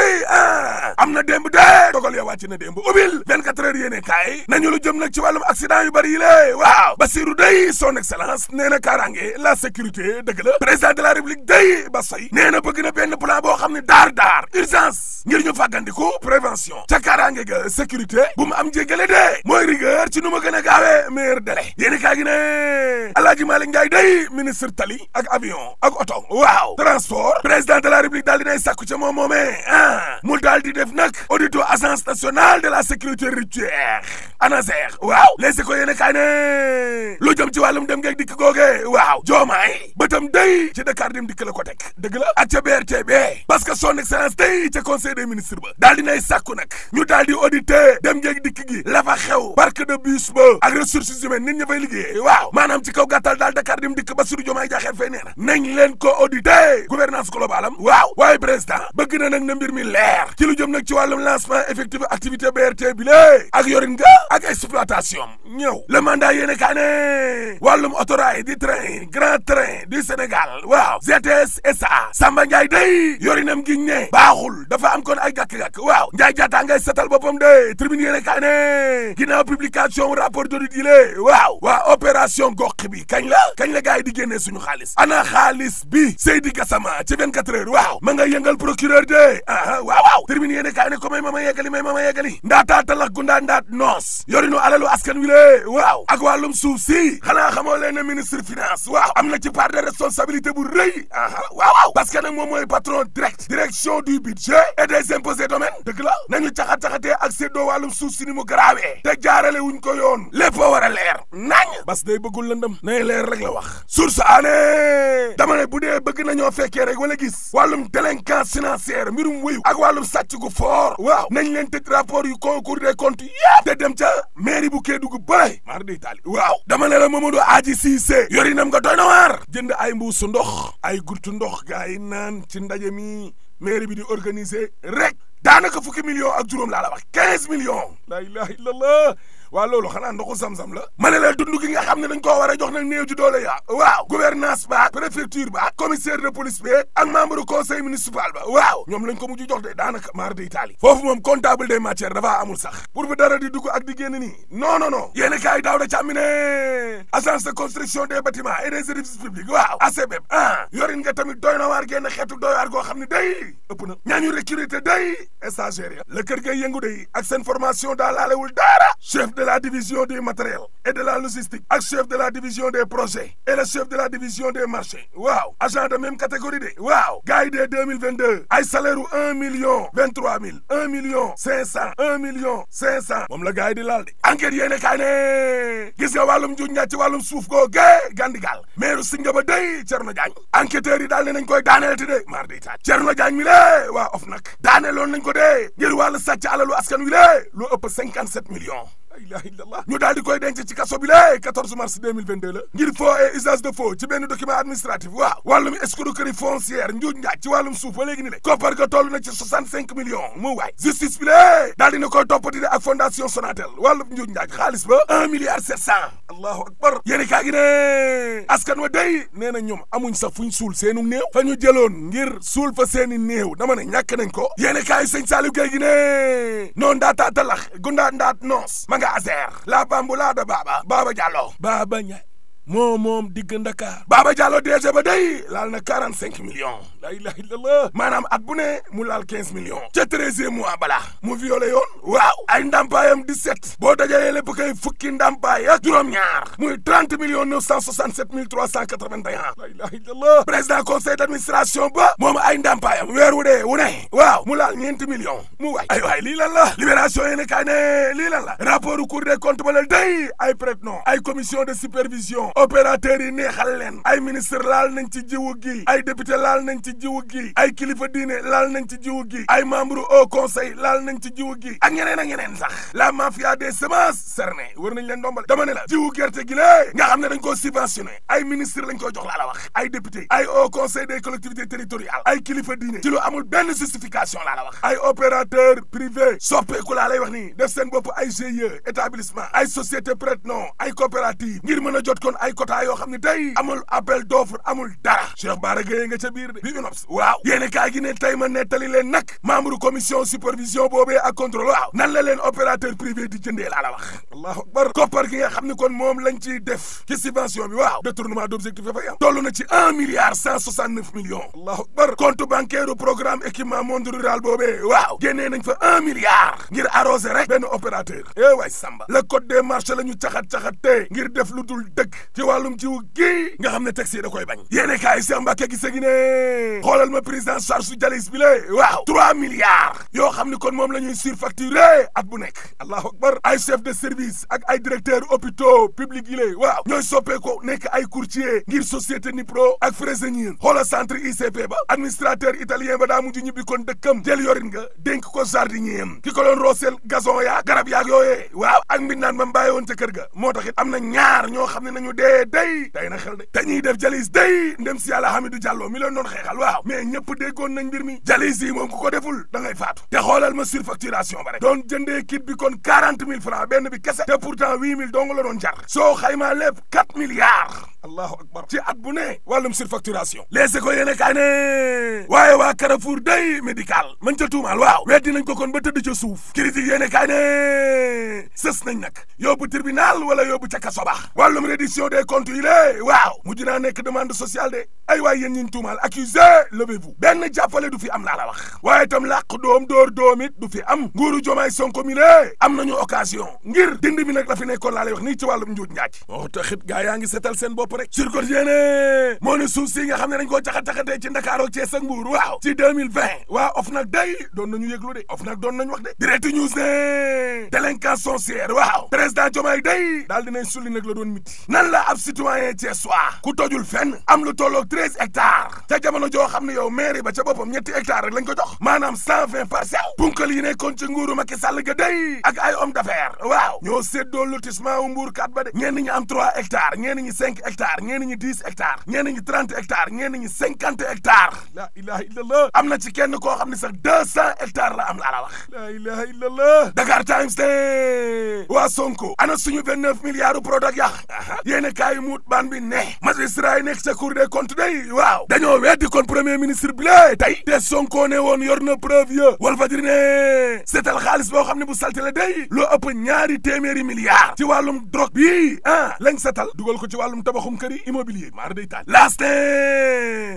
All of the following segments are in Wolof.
P-A am na demb de dogal ya wàcc na démb ubil 24 heures yéene kaay nañu lu jëm nag ci wàllum accident yu bari yi lée waaw Bassirou day son excellence nee na kaaraange la sécurité dëgg la président de la république day ba soy nee bëgg na benn plan boo xam ne daar daar urgence ngir ñu fàggandiku prévention ca kaaraange ga sécurité bu mu am jéggale de mooy rigueur ci nu gën a gaawee meilleur délai yéene kaay gi ne Alaaji Malick Ndiaye day ministre tali ak avion ak oto waaw la république daal def nag audit agence nationale de la sécurité routière ANASER waaw les éco yéen a kaay ne lu jëm ci wàllum dem ngeeg dikk googee waaw joomaay bëtam day ci Dakar dem dikk la ko teg la ak ca BRT bi parce que son excellence day ca conseil des ministres ba daal dinay sàkku nag ñu daal di auditer dem ngeeg dikk gi la fa xew parc de bus ba ak ressources humaines nit ña fay liggéey waaw maanaam ci kaw gàttal daal Dakar dem dikk ba suru joomaay jaaxeer fay nee na nañ leen ko auditer gouvernance globale nag ci wàllum lancement effectif activité BRT bi lée ak yorin nga ak exploitation ñëw le mandat yéen kaa ne wàllum autorail di train grand train du Sénégal waaw GTS SA Samba Ndiaye day yorinam gi ne baaxul dafa am kon ay gàkk-gàkk waaw Ndiaye jaataa ngay setal de tribune yéen kaa ne ginnaaw publication rapport d'audit yi lée waaw waa opération gox bi kañ la kañ la di génnee suñu xaalis ana xaalis bi Seydi Gassama ci 24 heures waaw ma nga yëngal yéenekaay ne ko may ma ma yeggali may ma ma yeggali ndaataa talax gu ndaa ndaat noos yorinu alalu askan wi waaw ak wàllum suuf xanaa xamoo leen ne ministre finance waaw am na ci part de responsabilité bu rëy aha waaw waaw parce que nag patron direct direction du budget et des impôts et domaines dëgg la nañu caxat-caxatee ak seddoo wàllum suuf si ni mu garaawee te jaarale wuñ ko yoon lépp war a leer nañ bas day bëggul lëndëm nay leer rek la wax source aané fort waaw nañ leen tëj rapport yu concours des comptes yëpp te dem ca mairie bu Kédougou bële mar di Italie waaw dama ne la Mamadou Aji Cissé yorinam nga doy na waar jënd ay mbuusu ndox ay gurtu ndox gaa yi naan ci ndaje mi mairie bi di organiser rek daanaka fukki millions ak juróom laa la wax quinze millions la ilaha illallah waaw loolu xanaa ndoxu sam-sam la ma ne la nga xam ne dañ koo war a jox nag néew ji doole yaa waaw gouvernance ba préfecture ba commissaire de police ba ak membre conseil municipal ba waaw ñoom lañ ko mujj jox de daanaka maar de Italie foofu moom comptable des matières dafa amul sax pour bu dara di dug ak di génn nii non non non yéen kaay daaw da càmmi ne agence de construction des bâtiments et des services publics waaw ACBEP ah yorin nga tamit doy na waar génn xeetu doy xam ne day ëpp na ñaañu recruter day stagiaire la kër gay yëngu ak seen formation daa laalewul daara chef de la division du matériel et de la logistique ak chef de la division des projets et le chef de la division des marchés waaw agent de même catégorie de waaw gars yi de ay salaire u un million vingt trois cent un cinq cent moom la gars yi di laal de enquête yéene kaay ne gis nga wàllum njuñ ñàcc wàllum suuf goo gée Gandigal maire ba day Thierno Diagne enquêteurs yi daal ne nañ koy daaneelati de mar day taat Thierno Diagne mi lée waa of nag daaneeloon nañ ko dee ngir wàllu sàcc alalu askan wi lée lu ëpp cinquante millions ilaha illallah ñu daal di koy denc ci kaso bi la 14 mars 2022 la ngir faux et usage de faux ci benn document administratif waaw wàllum escroquerie foncière njuuj njaaj ci wàllum suuf ba léegi ni le koppar koy toppati de ak fondation Sonatel wàllum njuuj njaaj xaalis ba 1 milliard 700 allahu akbar yéeni kaa gi ne askan wa day nee na suul seenu néew fa ñu jëloon ngir suul fa seeni néew dama ne ñàkk ko yéeni kaa yi sëñ Saliou Gueye gi Caser la bamboula de Baba Baba Diallo Baba Ndiaye moo moom digg Ndakaar Baba Diallo DG ba day laal na quarante cinq millions la ilaha illallah maanaam at bu ne mu laal quinze millions ca treizième mois mu violé yoon waaw ay ndàmpaayam dix-sept boo dajalee lépp kay fukki ndàmpaay ak juróom-ñaar muy trente millions neuf cent soixante-sept mille trois cent quatre-vingt-un la ilaha illallah président conseil d'administration ba moom ay ndàmpaayam weer wu dee wu ne waaw mu laal ñeenti millions ay waay lii lan la libération yéene ne lii lan la rapport cour des comptes ba commission de supervision opérateurs yi neexal leen ay ministre laal nañ ci jiwu gi ay député laal nañ ci jiwu gi ay kilifa diine laal nañ ci jiwu gi ay membre o conseil laal nañ ci jiwu gi ak ñeneen ak ñeneen sax la mafia des semences cerné war nañ leen dombal dama ne la jiwu gerte gi lée nga xam ne dañ koo subventionné ay ministre lañ koy jox laa la wax ay député ay au conseil des collectivités territoriales ay kilifa diine ci amul benn justification laa la wax ay opérateur privé soppeeku laa lay wax nii def seen bopp ay GIE établissement ay société prête ay coopérative ngir mën a jot kon ay quota yoo xam ne day amul appel d'offre amul dara Cheikh Bara nga ca biir bi UNOPS waaw yéen kaay gi ne tey ma nettali leen nag membre commission supervision boobee ak contrôle waaw nan la leen opérateur privé di jëndee laa la wax allahu akbar koppar gi nga xam ne kon moom lañ ci def ci subvention bi waaw détournement d'objectif dafay am toll na ci un milliard cent soixante neuf millions allahu akbar compte bancaire programme équipement monde rural boobee waaw génnee nañ fa un milliard ngir arrosé rek benn opérateur eh waay samba le code des la ñu caxat-caxat tee ngir def lu dul dëgg ci wàllum jiw gi nga xam ne tax yi da koy bañ yéene kaay Cheikh gi ne xoolal ma président charge su jalis bi le waaw trois milliards yoo xam ne kon moom la ñuy surfacturé at bu nekk allahu akbar ay chef de service ak ay directeur opito publics yi le waaw ñooy soppee ko nekk ay courtier ngir société Nipro ak Fresenius xoolal centre ICP ba administrateur italien ba daa mujj ñibbi kon dëkkam jël yorin nga dénk ko jardinier am ki ko doon yaa garab yaak yooyee waaw ak mbindaan ba mbàyyi woon ca kër ga moo tax it am na ñaar ñoo xam ne nañu dee day day na xel de dañuy def jalis day ndem si yàlla Hamidou Diallo mi leen doon xeexal waaw mais ñëpp déggoon nañ mbir mi jalis yi moom ko deful da ngay faatu te xoolal ma surfacturation ba rek doon jëndee kit bi kon quarante mille francs benn bi kese te pourtant huit mil dong la doon jar soo xaymaa lépp quatre milliards allahu akbar ci at bu ne wàllum surfacturation les éco yéene kaay ne waaye waa Carrefour day médical mën ca tuumaal waaw weddi nañ ko kon ba tëdd ca suuf critique yéene kaay ne sës nañ nag yóbbu tribunal wala yóbbu ca kaso ba wàllum reddition des comptes yi lé waaw naa nekk demande sociale de ay waay yéen ñin tuumaal accusé levez-vous benn jàppale du fi am laa la wax waaye itam làq doom dóor doom it du fi am nguuru jomaay sonko mi lé am nañu occasion ngir dind bi nag la fi nekkoon laa lay wax nii ngi setal seen bopp bopp rek surcote yéene moo ne suuf si nga xam ne dañ koo jaxataxatee ci Ndakaaru ak Cees Mbuur waaw ci waa OFNAC day doon nañu yëglu de OFNAC doon nañu wax de direct news ne délinquance foncière waaw président Diomaye day daal dinañ sulli nag la doon miti nan la ab citoyen Cees waa ku tojul fenn am lu tolloog 13 hectares ca jamono joo xam ne yow mairie ba ca boppam ñetti hectares rek lañ ko jox maanaam par parcelles punkal yi nekkoon ci nguuru Macky Sall ga day ba de ñenn am 3 hectares ñenn ñi 5 hectares ñenn ñi dix hectares ñenn ñi trente hectares ñenn ñi cinquante hectares la ilaha illallah am na ci kenn koo xam ne sax deux cent hectares la am la la wax la ilaha illallah Dakar Times de waa Sonko ana suñu vingt neuf milliards product yàq yéena kaay yi muut baan bi ne magistrat yi nekk ca cour des comptes day waaw dañoo weddi kon premier ministre bi la tey te Sonko ne woon yor na preuve ya Walfadjri ne seetal xaalis boo xam ne bu salte la day loo ëpp ñaari téeméeri milliards ci wàllum drogue bi ah lañ setal dugal ko ci wàllum tabaxu xumkari immobilier maar day taal laaste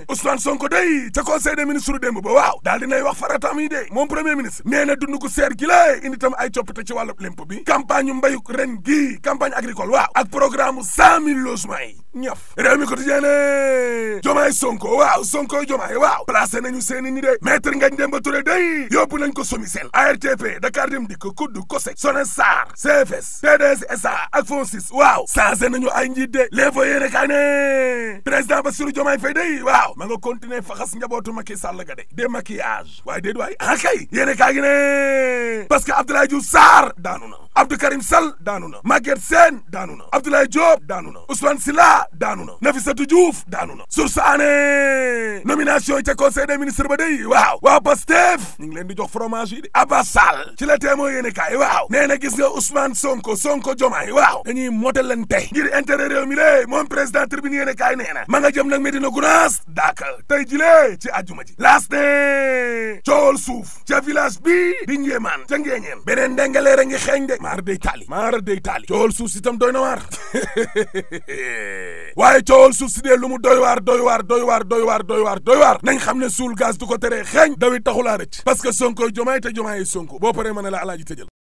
Ousmane Sonko day ca conseil des ministres démb ba waaw daal dinay wax faratam yi de moom premier ministre nee na dund gu seer gi la indi tam ay coppite ci wàllu lemp bi campagne mbéyu ren gi campagne agricole waaw ak programme cent mille logements yi ñof réew mi quotidien ne jomaay sonko waaw sonko jomaay waaw placé nañu seeni ni de maître Ngagne Demba Touré day yóbbu nañ ko SOMISEL ARTP Dakar Dem Dikk kudd COSEC SONESAR CFS PDS SA ak FONSIS waaw na ñu ay njiit de les fa yéene kaa ne président Bassirou Diomaye Faye day waaw ma nga continuer faxas njabootu Macky Sall ga de démaquillage waaye déet waay akay ah, yéene kaa gi ne ne parce que Abdoulaye Diouf Sarr daanu na Abdou Karim Sall daanu na daanu na Abdoulaye Diop daanu na Ousmane Sylla daanu na Nafissatou Diouf daanu na ca conseil des ministres ba day waaw waaw Pastef ñu ngi leen di jox fromage yi de Abbas Sall ci la téemoo yéene kaay waaw nee na gis nga Ousmane Sonko Sonko Diomaye waaw dañuy motalante ngir intérêt réew mi lé moom président tribune yéene kaay nee na ma nga jëm nag Medina Gounass Dakar tey jilee ci ajuma ji laas ne coowal suuf ca village bi di Njéemaan ca ngeeñeen beneen ndengaleer a ngi xeeñ de maar day taali maar day taali coowal suuf si tam doy na waar waaye coowal suuf si dee lu mu doy waar doy waar doy waar doy waar doy waar doy waar nañ xam ne suul gaz du ko teree xeeñ dawi taxulaa rëcc parce que sonkoy jomaay te jomaay sonko boo paree ma ne la alaaji tëjal